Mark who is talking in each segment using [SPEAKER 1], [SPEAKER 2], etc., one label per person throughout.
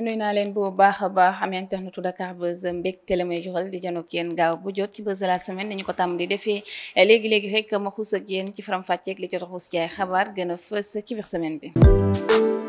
[SPEAKER 1] nuyu naa leen bu baax a baax am internetu Dakar Buzz mbégte la may joxal di janoog yéen gaaw bu jot ci buzz la semaine nañu ko tàmm di defee léegi-léegi rek ma xuus ak yéen ci faram fàcceeg li jot a xuus ci ay xabaar gën a fës ci biir semaine bi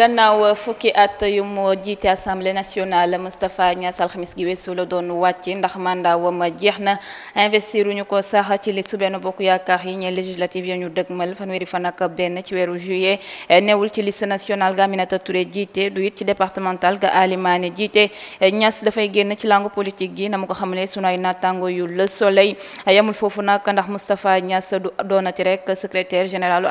[SPEAKER 1] gannaaw euh, fukki at yu mu jiite assemblée nationale Moustapha Niass alxamis gi weesu la doon wàcc ndax mandat wam jeex na investiruñu ko sax ci liste Benno Bokk Yaakaar yi ñe législative yi ñu dëgmal fanweeri fan ak benn ci weeru juillet newul ci liste nationale ga Aminata Touré jiite du it ci départemental ga Alimane jiite Niass dafay génn ci langue politique gi na mu ko xamle sunu ay naataango yu Le Soleil yamul foofu nag ndax Moustapha Niass du doonati rek secrétaire général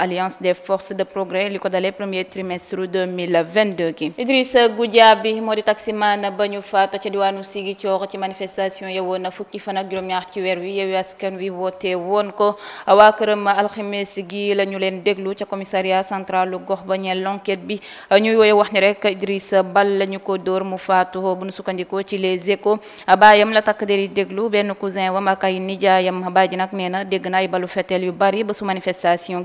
[SPEAKER 1] 2022 gi Idrissa Goudiaby moo di taximan ba ñu faat ca diwaanu Ziguinchor ci manifestation ya woon fukki fan ak juróom-ñaar ci weer wi Yewwi Wi woote woon ko waa këram alxames gi la ñu leen déglu ca commissariat central gox ba ñeel l'enquête bi ñuy wooye wax ni rek Idrissa Bal la ko dóor mu faatu bu nu sukkandikoo ci les échos baayam la takk der yi déglu benn cousin wam ak ay nijaayam baaji nag nee na dégg na ay balu feteel yu bari ba su manifestation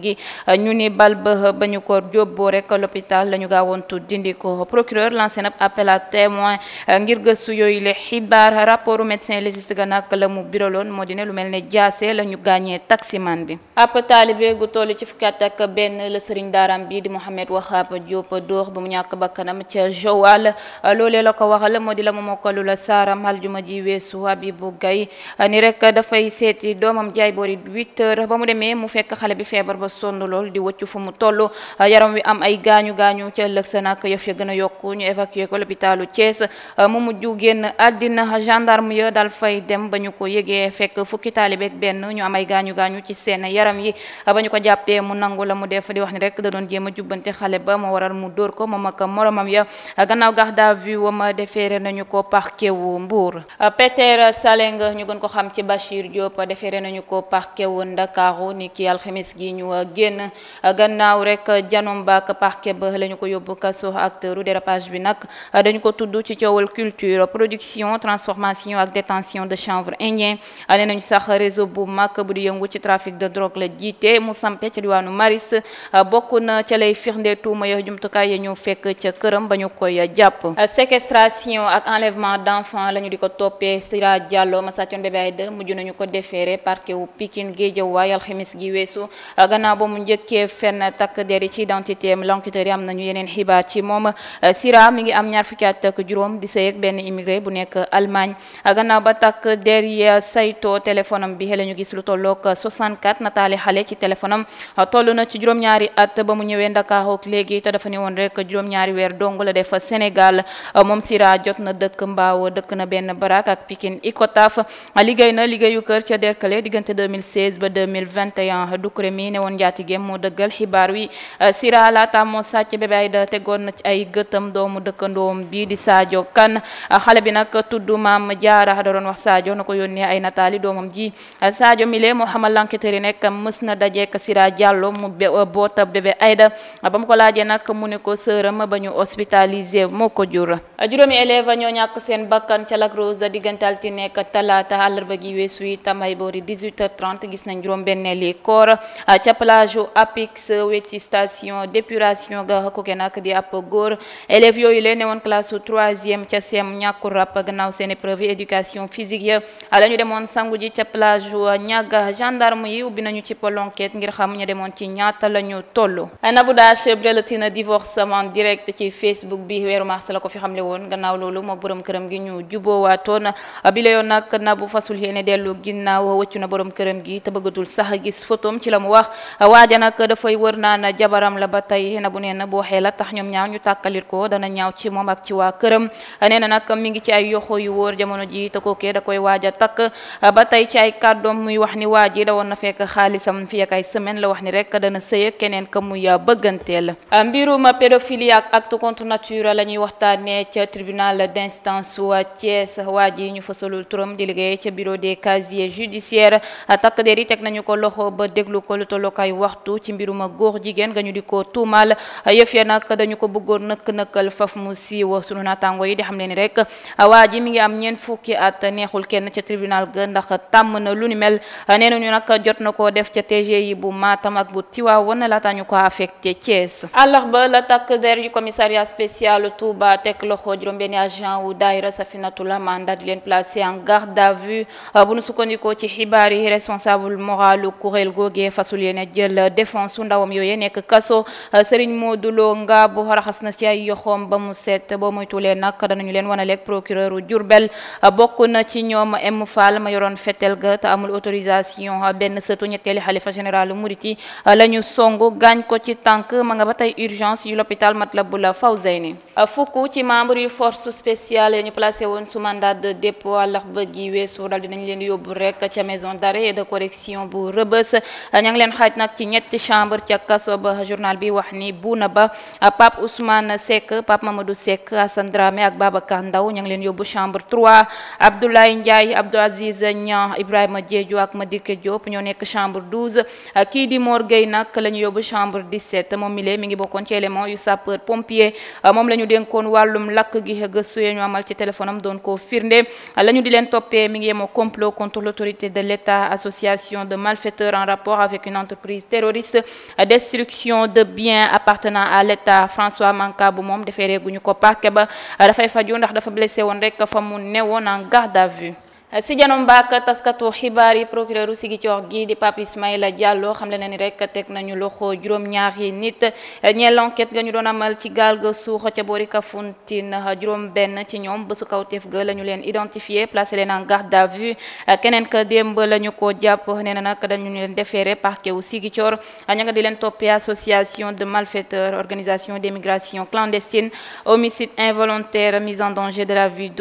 [SPEAKER 1] Tivaouane dindi ko procureur lancé na appel à témoin euh, ngir gëstu yooyu xibaar rapportu médecin légiste ga nag la mu biraloon moo di lu mel ne jaase la ñu gaañee taximan bi ab taalibe gu toll ci fukki at benn la sëriñ daaram bi di Mohamed a Diop dóor ba mu ñàkk bakkanam ca Joal loolee la ko waxal moo di la mu mokkalu la saaram aljuma ji weesu Abibou Gaye ni rek dafay seeti doomam jaay boori 8 ba mu demee mu fekk xale bi feebar ba sonn lool di wëccu ëllëg sa nag yëf ya gën a yokku ñu évacué ko l'hôpitalu Thiès euh, mu mujj génn àddina gendarme ya daal fay dem ba ñu ko yëgee fekk fukki taalibe ak benn ñu amay gaañu gaañu ci seen yaram yi ba ñu ko jàppee mu nangu la mu def di wax da a jubbante xale ko moom ak moromam ya gannaaw garde à vue wama defeere nañu ko parquet wu Mbour euh, Peter Saleng ñu gën ko xam ci Bachir Diop defeere nañu ko parquet wu Ndakaaru ni ki alxamis gi ñu génn gannaaw rek janom baak parquet ba lañu ko yóbbu kaso acteur u dérapage bi nag dañu ko tudd ci coowal culture production transformation ak détention de chanvre indien nee nañu sax réseau bu mag bu di yëngu ci trafic de drogue la jiite mu sampe ca diwaanu maris bokk na ca lay firnde tuuma ya jumtukaay ya ñu fekk ca këram ba ñu koy jàpp séquestration ak enlèvement d'enfant la ñu di ko toppee Sira Diallo ma sàccoon bébé Aïda mujj nañu ko déféré parquet wu Pikine Guédiawaye alxamis gi weesu gannaaw ba yeneen xibaar ci moom euh, Sira mi ngi am ñaar fukki at ak juróom di sëy ak benn immigré bu nekk Allemagne euh, gannaaw ba takk der ya euh, saytoo téléphone am bi xëy ñu gis lu tolloog 64 xale ci téléphone toll na ci juróom-ñaari at ba mu ñëwee Ndakaaru léegi te dafa ne woon rek juróom-ñaari weer dong la def Sénégal moom Sira jot na dëkk Mbaaw dëkk na benn barak ak Pikine Icotaf liggéey na liggéeyu kër ca Derklé diggante 2016 ba 2021 du kuré mi ne woon njaatigéem moo dëggal xibaar wi Sira laata moo sàcc bébé tegoon na ci ay gëtam doomu dëkkandoom bii di Sadio Kane xale bi nag tudd maam Diarra a doon wax Sadio na ko yónnee ay nataali doomam ji Sadio Milé moo xamal l'enquêteur yi nekk mës na dajeek Sira Diallo mu boota bébé Aïda ba mu ko laajee nag mu ne ko sëram ba ñu hospitalisé moo ko jur juróomi élève ñoo ñàkk seen bakkan ca Lac Rose diggante altine ak talaata àllarba gi weesu itam ay boori 18h30 gis nañ juróom benneeli koor ca plage Apix weti station d'épuration ga ko nag di a góor élèves yooyu leen ne woon classe troisième ca sem ñàkku a gannaaw seen épreuve éducation physique ya la ñu demoon sangu ji ca plage ñàgga gendarme yi ubbi nañu ci polonket ngir xam ñu demoon ci ñaata la ñu toll Nabou Dash brelatina divorcement direct ci Facebook bi weeru mars la ko fi xamle woon gannaaw loolu mook borom këram gi ñu juboowaatoon bi la yoon nag Nabou fasul yéene dellu ginnaaw wëccu na borom tax ñoom ñaar ñu tàkkalit ko dana ñaaw ci moom ak ci waa këram nee na nag ngi ci ay yoxo yu woor jamono ji te kookee da koy waaj a takk ba tey ci ay kàddoom muy wax ni waa ji da na fekk xaalisam fi ay semaine la wax ni rek dana sëy ak keneen ka muy bëgganteel mbirum pédophilie ak acte contre nature la ñuy waxtaanee ca tribunal d'instance wa Thiès waa ji ñu fasalul turam di liggéey ca bureau des casiers judiciaire takk der yi teg nañu ko loxo ba déglu ko lu tollook ay waxtu ci mbiruma góor jigéen nga nag dañu ko bëggoon nëkk nëkkal faf mu siiw sunu naataango yi di xam leen ni rek waa ji mi ngi am ñeent fukki at neexul kenn ca tribunal ga ndax tàmm na lu ni mel nee nañu nag jot na koo def ca TG yi bu Matam ak bu na laata ñu ko affecté Thiès. ba la takk der yu commissariat spécial Touba teg loxo juróom-benni agent wu daayira Safinatul Aman daal di leen placé en garde à vue bu nu sukkandikoo ci xibaar yi responsable moralu kuréel googee fasul yéene jël défense su ndawam yooyee avocat bu raxas na ci ay yoxoom ba mu set boo moytuwulee nag danañu leen wan a leeg procureur u Diourbel bokk na ci ñoom a M Fall ma yoroon feteel ga te amul autorisation benn sëtu ñetteeli xalifa général Muriti la ñu song gaañ ko ci tànk ma nga ba tey urgence yu bu l'hôpital Matlaboul Fawzayni fukk ci membre yu force spéciale ñu placé woon su mandat de dépôt àllax ba gi weesu dal dinañ leen yóbbu rek ca maison d'arrêt et de correction bu rëbës ña ngi leen xaaj nag ci ñetti chambre ca kaso ba journal bi wax ni buuna ba Pape Ousmane Seck Pape Mamadou Seck Assane Dramé ak Babacar Ndaw ña ngi leen yóbbu chambre 3 Abdoulaye Ndiaye Abdou Aziz Niang Ibrahima Diédio ak dikk Diop ñoo nekk chambre 12 kii di Mor Gueye nag la ñu yóbbu chambre 17 moom mi mi ngi bokkoon ci élément yu sapeur ñu dénkoon wàllum lakk gi gëstu ya ñu amal ci téléphone am doon ko firnde la di leen toppee mi ngi yemoo complot contre l'autorité de l'État association de malfaiteurs en rapport avec une entreprise terroriste destruction de biens appartenant à l'État François Mancabou moom defee reeguñu ko parquet ba dafay faju ndax dafa blessé woon rek fa mu newoon en garde à vue si janoom mbaak taskatu xibaar yi procureur u Ziguinchor gi di Pape Ismaïla Diallo xam le ni rek teg nañu loxo juróom-ñaari nit ñeel enquête nga ñu doon amal ci gaal ga suux ca boori Kafountine juróom benn ci ñoom bésu kawteef ga la ñu leen identifié placé leen en garde à vue keneen ka démb la ñu ko jàpp nee na nag dañu leen defee parquet u Ziguinchor ña nga di leen toppee association de malfaiteurs organisation d'émigration clandestine homicide involontaire mise en danger de la vie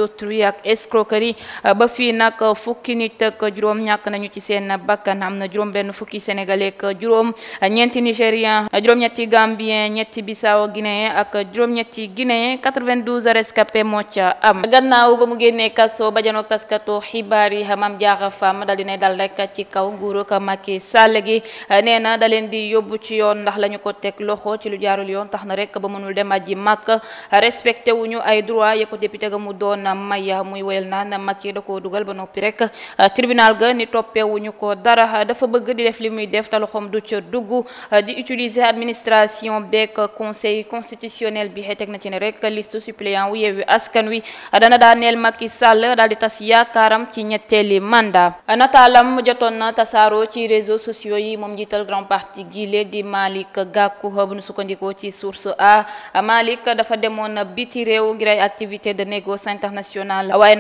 [SPEAKER 1] nag fukki nit ak juróom ñàkk nañu ci seen bakkan am na juróom benn fukki sénégalais ak juróom ñeenti nigérien juróom-ñetti gambien ñetti bissau guinéen ak juróom-ñetti guinéen 92 rescapé moo ca am gannaaw ba mu génnee kaso ba janoog taskatu xibaar yi Mame Diarra Fam dal dinay dal rek ci kaw nguurug Macky Sall gi nee na da leen di yóbbu ci yoon ndax la ko teg loxo ci lu jaarul yoon tax na rek ba mënul dem aji màkk respecté wuñu ay droit ya ko député mu doon may muy wéyal naan Macky da koo dugal dogal ba noppi rek euh, tribunal ga ni toppeewuñu ko dara dafa bëgg di def li muy def te loxoom du ca dugg euh, di utiliser administration beeg conseil constitutionnel bi teg na ci ne rek liste suppléant wu Yewwi Askan Wi dana daaneel Macky Sall daal di tas yaakaaram ci ñetteeli mandat nataalam jotoon na tasaaroo ci réseaux sociaux yi moom jiital grand parti gile di Malick Gakou bu nu sukkandikoo ci source a Malick dafa demoon biti réew ngir ay activité de négoce internationale waaye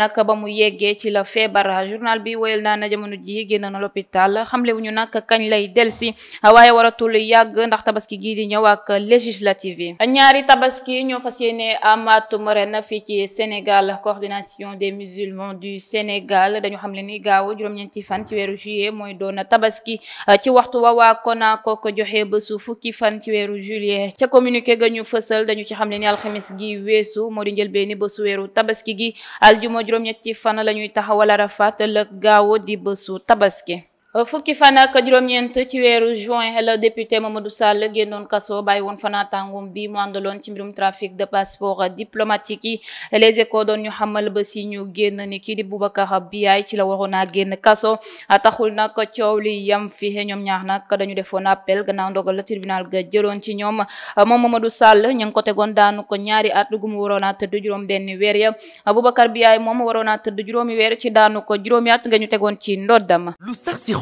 [SPEAKER 1] feebar journal bi woyal naa na jamono ji génn na l'hôpital xamle wuñu nag kañ lay delsi waaye waratul yàgg ndax tabaski gii di ñëw ak législative yi ñaari tabaski ñoo fas yéene amatum ren fii ci Sénégal coordination des musulmans du Sénégal dañu xamle ni gaaw juróom-ñeenti fan ci weeru juillet mooy doon tabaski ci waxtu wa waa Konaako ko joxe bésu fukki fan ci weeru juillet ca communiqué ga ñu fësal dañu ci xamle ni alxamis gi weesu moo di njëlbeeni bésu weeru tabaski gi wala Arafat la gaaw di bésu tabaski fukki fan juróom-ñeent ci weeru juin la ma Mamadou Sall génnoon kaso bàyyi woon fanaatàngum bi mu àndaloon ci mbirum trafic de passeport diplomatique yi les échos doon ñu xamal ba si ñu génn ni kii di bi Biaye ci la waroon a génn kaso taxul nag coow li yam fi ñoom ñaar nag dañu defoon appel gannaaw ndogal la tribunal ga jëloon ci ñoom moom Mamadou Sall ñu ngi ko tegoon daanu ko ñaari at gu mu waroon a tëdd juróom benn weer ya Boubacar Biaye moom waroon a tëdd juróomi weer ci daanu ko juróomi at nga tegoon ci ndoddam lu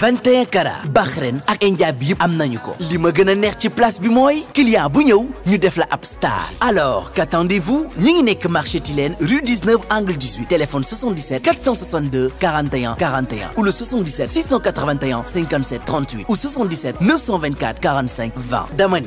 [SPEAKER 1] 21 carats Bahreïn ak India bi yëpp am nañu ko li ma gën a neex ci place bi mooy client bu ñëw ñu def la ab alors qu'attendez-vous ñi ngi nekk marché Tilène rue angle 18 ou ou 77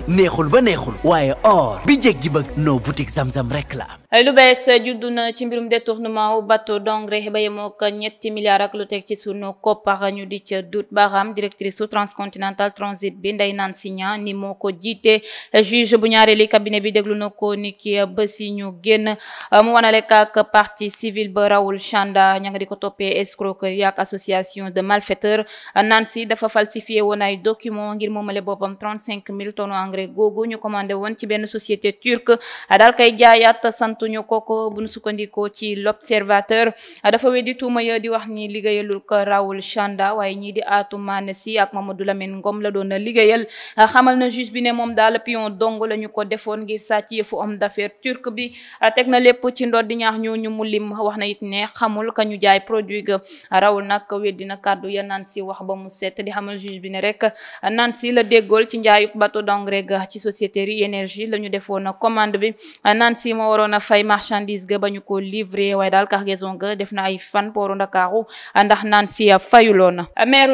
[SPEAKER 1] neexul ba neexul waaye or bi jég gi bëgg noo boutique Zamzam rek lu bees juddu na ci mbirum détournement bateau d'engrais ba yemook ñetti milliards ak lu teg ci sunu koppar ñu di ca dut Dut Baram directrice su transcontinental transit bi Ndeye Naan Signan ni moo ko jiite juge bu ñaareeli cabinet bi déglu na ko ni ki ba si ñu génn mu wanalek ak partie civile ba Raoul Chanda ña nga di ko toppee escroquerie ak association de malfaiteurs naan si dafa falsifié woon ay document ngir moomale boppam 35 000 tonnes engrais googu ñu commandé woon ci benn société turque daal kay jaayaat santuñu koko bu ñu sukkandikoo ci l'observateur dafa weddi Atou Mané Sy ak Mamadou Lamine Ngom la doon liggéeyal xamal na juge bi ne moom daal pion dong la ñu ko defoon ngir sàcc yëfu homme d'affaires turc bi teg na lépp ci ndoor di ñaax ñooñu mu lim wax na it ne xamul ka ñu jaay produit ga rawul nag weddi na kàddu ya Nancy wax ba mu set di xamal juge bi ne rek si la déggool ci njaayub bateau d'engrais ga ci société Rie Énergie la ñu defoon commande bi Nancy moo waroon a fay marchandise ga ba ñu ko livré waaye daal cargaison ga def ay fan pooru Ndakaaru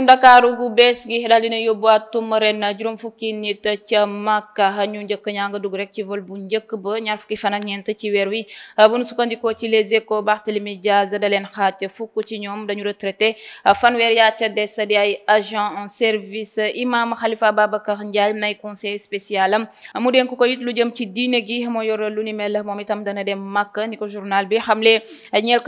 [SPEAKER 1] ndakaaru gu bees gi daal dina yóbbuwaat tumaren juróom fukki nit ca Makka ñu njëkk ñaa nga dugg rek ci vol bu njëkk ba ñaar fukki fan ak ñeent ci weer wi bu nu sukkandikoo ci les Échos Barthélemy Diaz da leen xaaj fukk ci ñoom dañu retraité fanweer yaa ca des di ay agent en service imam Khalifa Babacar Ndiaye nay conseil spécial am mu dénk ko it lu jëm ci diine gi moo yor lu ni mel moom itam dana dem Makka ni ko journal bi xamle ñeel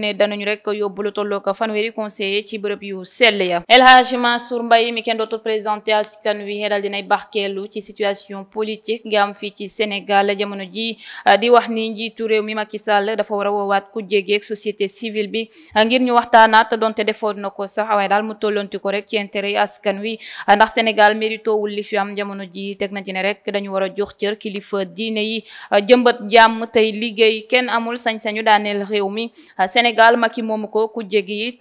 [SPEAKER 1] ne danañu rek yóbbu lu tolloo ko fanweeri conseiller ci bërëb yu sell ya El Hadji Mansour Mbaye mi kenn dootul présenté askan wi dal dinay baxkeelu ci situation politique gi am fii ci Sénégal jamono ji ah, di wax ni njiitu dafa war a woowaat ku jégeeg société civile bi ah, ngir ñu waxtaanaat donte defoon na ko sax waaye daal mu tollonti ko rek ci intérêt askan wi ah, ndax Sénégal méritoowul li fi am jamono ji teg na ci ne rek dañu war a jox cër kilifa diine yi jëmbat jàmm tey liggéey kenn amul sañ-sañu daaneel réew mi Sénégal Macky moomu ko ku jégi yi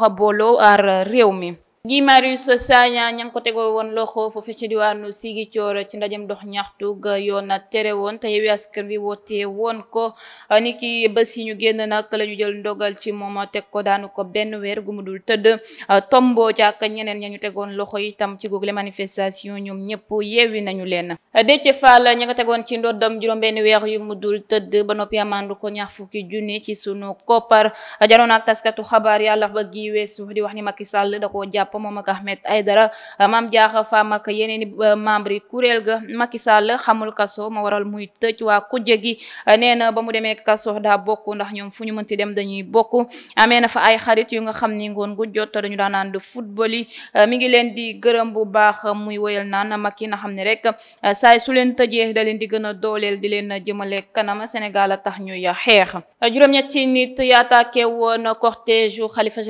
[SPEAKER 1] wax a ar réew mi Guy Marius Sagna ña ngi ko tegoo woon loxo foofu ci diwaanu Ziguinchor ci ndajem dox ñaxtu ga yoon na tere woon te Yewwi Askan Wi woote woon ko ni ki bés yi ñu génn nag la ñu jël ndogal ci moom teg ko daanu ko benn weer gu mu dul tëdd tombo ci ak ñeneen ña ñu tegoon loxo itam ci google manifestation ñoom ñëpp yeewi nañu leen Déthié Fall ña nga tegoon ci ndoddam juróom benn yu mu dul tëdd ba noppi amandu ko ñaar fukki junni ci sunu koppar janoon ak taskatu xabaar yàlla ba gi weesu wax ni Macky Sall da jàpp Papa Momak Ahmed Aidara Mame Diarra Fam ak yeneen i euh, membre yi ga Macky xamul kaso ma waral muy tëj waa kujje gi nee na ba mu demee kaso daa bokk ndax ñoom fu ñu mënti dem dañuy bokk amee na fa ay xarit yu nga xam ni ngoon gu jot dañu daan naan football yi mi ngi leen di gërëm bu baax muy woyal naan Macky na xam ne rek saay su leen tëjee da leen di gën a dooleel di leen jëmale kanam Sénégal a tax ñuy xeex juróom-ñetti nit yaataake woon cortège Khalifa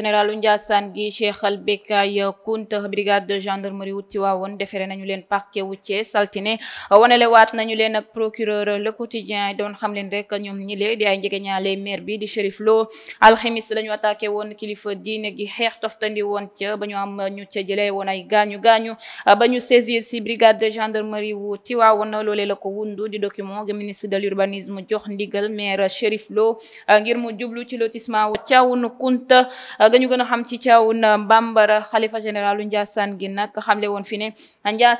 [SPEAKER 1] Abdoulaye Kounta brigade de gendarmerie wu Tivaouane defere nañu leen parquet wu Thiès saltine wanelewaat nañu leen procureur le quotidien doon xam leen rek ñoom ñile di ay njegeñaale maire bi di Chérif Lo alxemis lañu attaqué woon kilifa diine gi xeex toftandi woon ca ba ñu am ñu ca jëlee woon ay gaañu gaañu ba ñu saisir si brigade de gendarmerie wu Tivaouane loolee la ko wundu di document ga ministre de l'urbanisme jox ndigal maire Chérif Lo ngir a xalifa généralu Ndiassane gi nag xamle woon fi ne a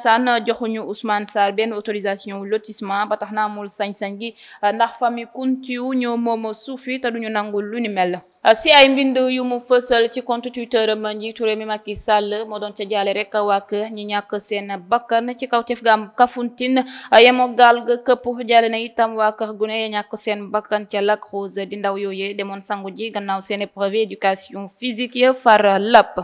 [SPEAKER 1] joxuñu Ousmane Sarr benn autorisation lotissement ba tax na mul sañ-sañ gi ndax famille Kountiou ñoo moom suuf yi te duñu nangu lu ni mel si ay mbind yu mu fësal ci compte Twitter a njiitu réew mi Macky Sall moo doon ca jaale rek waa kër ñi ñàkk seen bakkan ci kaw tef gam Kafountine yemoo gaal ga këpp jaale na itam waa kër gune ya ñàkk seen bakkan ca Lac Rose di ndaw yooyee demoon sangu ji gannaaw seen épreuve éducation physique ya far lapp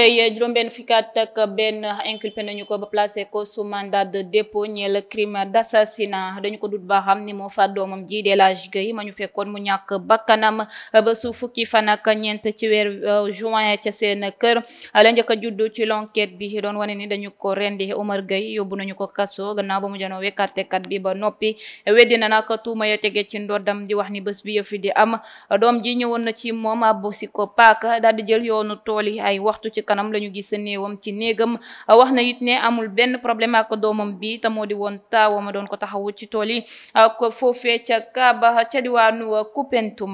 [SPEAKER 1] Gueye juróom-benn fukki at ak benn inculpé nañu ko ba placé ko sous mandat de dépôt ñeel crime d'assassinat dañu ko dut baaxam ni moo faat doomam ji de El Hadji fekkoon mu ñàkk bakkanam ba su fukki fan ak ñeent ci weer euh, juin ca seen kër la njëkk a juddu ci l'enquête bi doon wane ni dañu ko rendi Omar Gueye yóbbu nañu ko kaso gannaaw ba mu janoo wekkatekat bi ba noppi a na nag tuuma ya tege ci ndoddam di wax ni bés bi yëfi di am doom ji ñëwoon kanam la ñu gis néewam ci néegam wax na it ne amul benn problème ak doomam bi te moo di woon taawama doon ko taxawu ci tool yi ko foofee ca Kaaba ca diwaanu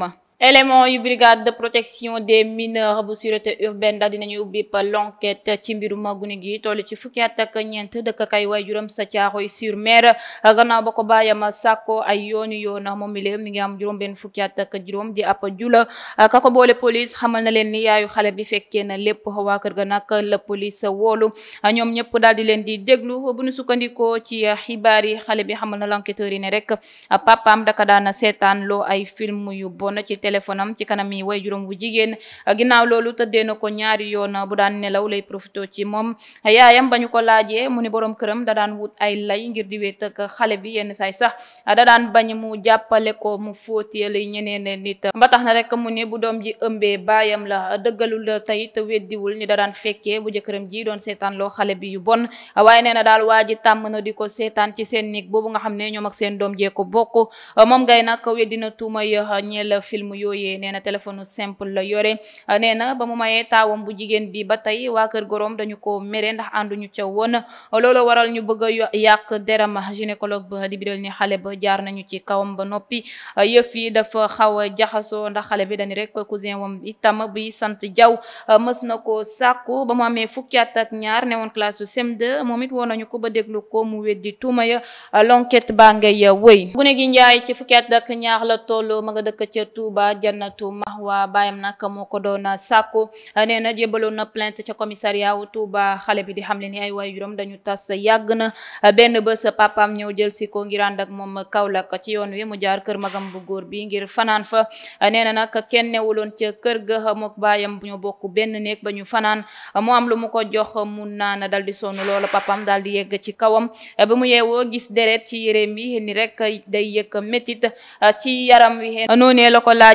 [SPEAKER 1] ma élément yu brigade de protection des mineurs bu sûreté urbaine daal dinañu ubbi l'enquête ci mbirum gune gi toll ci fukki at ak ñeent dëkk kay waay juróom sa caaxoy sur mer gannaaw ba ko bàyyam sàkko ay yoonu yoon moom mi ile mi ngi am juróom benn fukki at juróom di ab jula ka ko boole police xamal na leen ni yaayu xale bi fekkee na lépp waa kër ga nag la police woolu ñoom ñëpp daal di leen di déglu bu ñu sukkandikoo ci xibaar yi xale bi xamal na l'enquêteur yi ne rek papaam daka seetaan loo ay film yu téléphone am ci kanam yi way juróom bu jigéen ginnaaw loolu tëddee na ko ñaari yoon bu daan nelaw lay profité ci moom yaayam ba ñu ko laajee mu ni borom këram da daan wut ay lay ngir di wéet ak xale bi yenn saay sax da daan bañ mu jàppale ko mu fóotee lay ñeneen nit ba tax na rek mu ni bu doom ji ëmbee baayam la dëggalul tey te weddiwul ni da daan fekkee bu jëkkëram ji doon seetaan loo xale bi yu bon a nee na daal waa tàmm na di ko seetaan ci seen néeg boobu nga xam ne ñoom ak seen doom jee yooyee nee na téléphone simple la yore nee ba mu mayee taawam bu jigéen bi ba tey waa kër goroom dañu ko mere ndax ànduñu ca woon loolu waral ñu bëgg a yàq deram gynécologue ba di biral ni xale ba jaar nañu ci kawam ba noppi yëf yi dafa xaw a jaxasoo ndax xale bi dañu rek cousin wam itam bi sant jaw mës na ko sàkku ba mu amee fukki at ak ñaar newoon classe su cm moom it woon nañu ko ba déglu ko mu weddi tuuma ya l'enquête baa ngay wëy bu ne gi njaay ci fukki at ak ñaar la toll ma nga dëkk ca Touba Touba Jannatu Mahwa baayam nag moo ko doon sàkku nee na jébaloon na plainte ca commissariat wu Touba xale bi di xamle ni ay waajuram dañu tas yàgg na benn ba sa papam ñëw jël si ko ngir ànd ak moom Kaolack ci yoon wi mu jaar kër magam bu góor bi ngir fanaan fa nee na nag kenn newuloon ca kër ga mook baayam bu ñu bokk benn néeg ba ñu fanaan mu am lu mu ko jox mu naan dal di sonn loola papam dal di yegg ci kawam bi mu yeewoo gis deret ci yéreem bi ni rek day yëg métit ci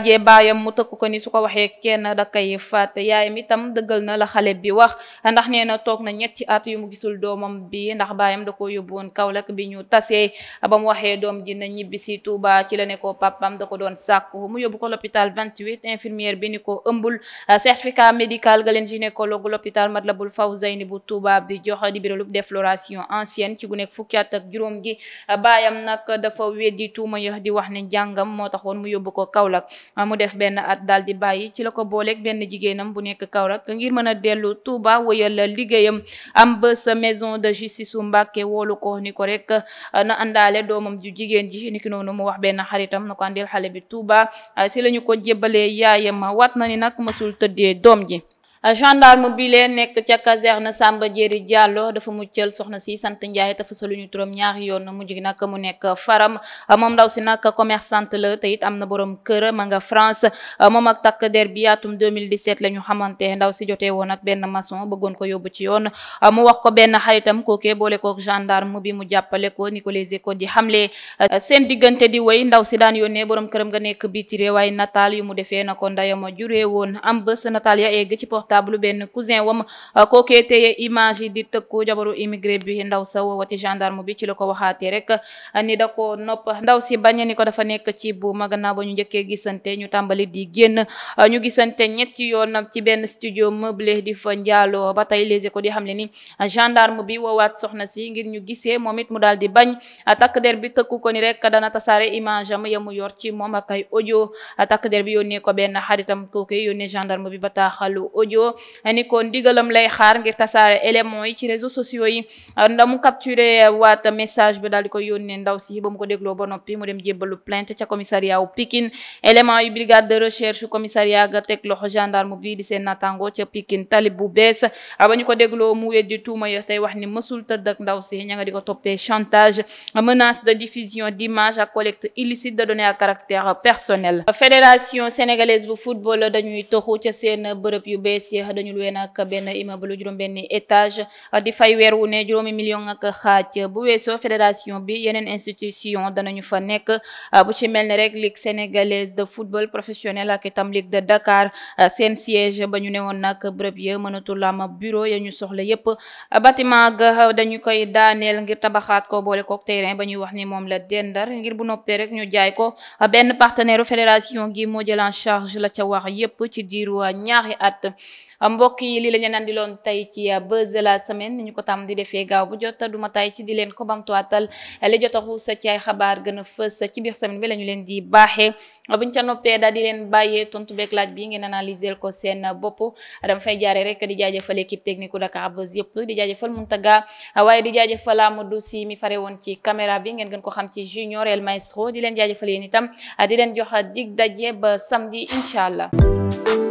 [SPEAKER 1] laajee baayam mu tëkk ko ni su ko waxee kenn da koy faat yaayam itam dëggal na la xale bi wax ndax nee na toog na ñetti at yu mu gisul doomam bi ndax baayam da ko yóbbu woon Kaolack bi ñu tasee ba mu waxee doom ji na ñibbi si Touba ci la ne ko papam da ko doon sàkku mu yóbbu ko l'hôpital 28 infirmière bi ni ko ëmbul ah, certificat médical ga leen gynécologue l'hôpital Matlaboul Fawzayni bu Touba bi jox di biro défloration ancienne ci gu nekk fukki at ak juróom gi ah, baayam nag dafa weddi tuuma ya di wax ne jàngam moo taxoon mu yóbbu ko Kaolack Ah, mu def benn at daal di bàyyi ci la ko booleeg benn jigéenam bu nekk Kaolack ngir mën a dellu Touba wëyal liggéeyam am ba sa maison de justice u Mbàkke woolu ko ni ko rek ah, na àndaale doomam ju jigéen ji niki noonu mu wax benn xaritam na ko àndil xale bi Touba ah, si la ñu ko jébbalee yaayam a wat na ni nag mësul tëddee doom ji gendarme bi lee nekk ca na Samba Diéry Diallo dafa muccal soxna si sant Ndiaye te fasaluñu turam ñaari yoon mujj gi nag mu nekk faram moom ndaw si nag commerçante la te it am na borom kër ma nga France moom ak takk der bi atum 2017 la ñu xamante ndaw si jotee woon ak benn maçon bëggoon ko yóbbu ci yoon mu wax ko benn xaritam kookee boole kook gendarme bi mu jàppale ko ni ko les écoles di xamle seen diggante di woy ndaw si daan yónnee borom këram nga nekk biti réew waaye nataal yu mu defee na ko ndayama juree woon am bés nataal ya egg ci porte portable benn cousin wam uh, kookee téye image yi di tëkku jabaru immigré bi ndaw sa wowati gendarme bi ci la ko waxaatee rek uh, ni da ko nopp ndaw si bañ ni ko dafa nekk ci bu ma gannaaw ba ñu njëkkee gisante ñu tàmbali di génn uh, ñu gisante ñetti yoon ci benn studio meublé di fa njaaloo ba tey léegi ko di xam ne ni gendarme bi woowaat soxna si ngir ñu gisee moom it mu daal di bañ takk der bi tëkku ko ni rek dana tasaare image am yamu yor ci moom ak ay audio takk der bi yónnee ko benn xaritam sociaux ni ko ndigalam lay xaar ngir tasaare éléments yi ci réseaux sociaux yi euh, ndamu capturé euh, waat message bi daal di ko yónnee ndaw si ba mu ko dégloo ba noppi mu dem jébbalu plainte ca commissariat wu Pikine élément yu brigade de recherche commissariat ga teg loxo gendarme bi di seen natango ca Pikine tali bu bees euh, ba ñu ko dégloo mu weddi tuuma ya tey wax ni mësul tëdd ak ndaw si ña nga di ko toppee chantage menace de diffusion d'images ak collecte illicite de données à caractère personnel fédération si dañu luwee nag benn immeuble juróom benn étage di fay weer ne juróomi million ak xaaj bu weesoo fédération bi yeneen institution ñu fa nekk bu ci mel ne rek ligue sénégalaise de football professionnel ak itam ligue de Dakar seen siège ba ñu newoon nag bërëb ya mënatul am bureau ya ñu soxla yépp bâtiment ga dañu koy daaneel ngir tabaxaat ko boole kook terrain ba ñuy wax ni moom la dendar ngir bu noppee rek ñu jaay ko benn partenaire gi moo jël en la ca wax yépp ci diiru ñaari Ah, mbokk yi lii la ñu naan di loon tey ci ah, buzz de la ko tàmm di defee gaaw bu jot du ma tay ci di leen ko bamtuwaatal ah, li jot a xuus ci ay xabaar gën a sa ci biir semaine bi la ñu leen di baaxee bu ñu ca noppee daal di leen bàyyee tontu beeg laaj bi ngeen analyser ko seen bopp dama fay jaaree rek di jaajëfal équipe technique Dakar Buzz yëpp di jaajëfal Muntaga waaye di jaajëfal Amadou Si mi fare woon ci caméra bi ngeen gën ko xam ci Junior El Maestro di leen jaajëfal yéen itam di leen jox dig daje ba samedi incha allah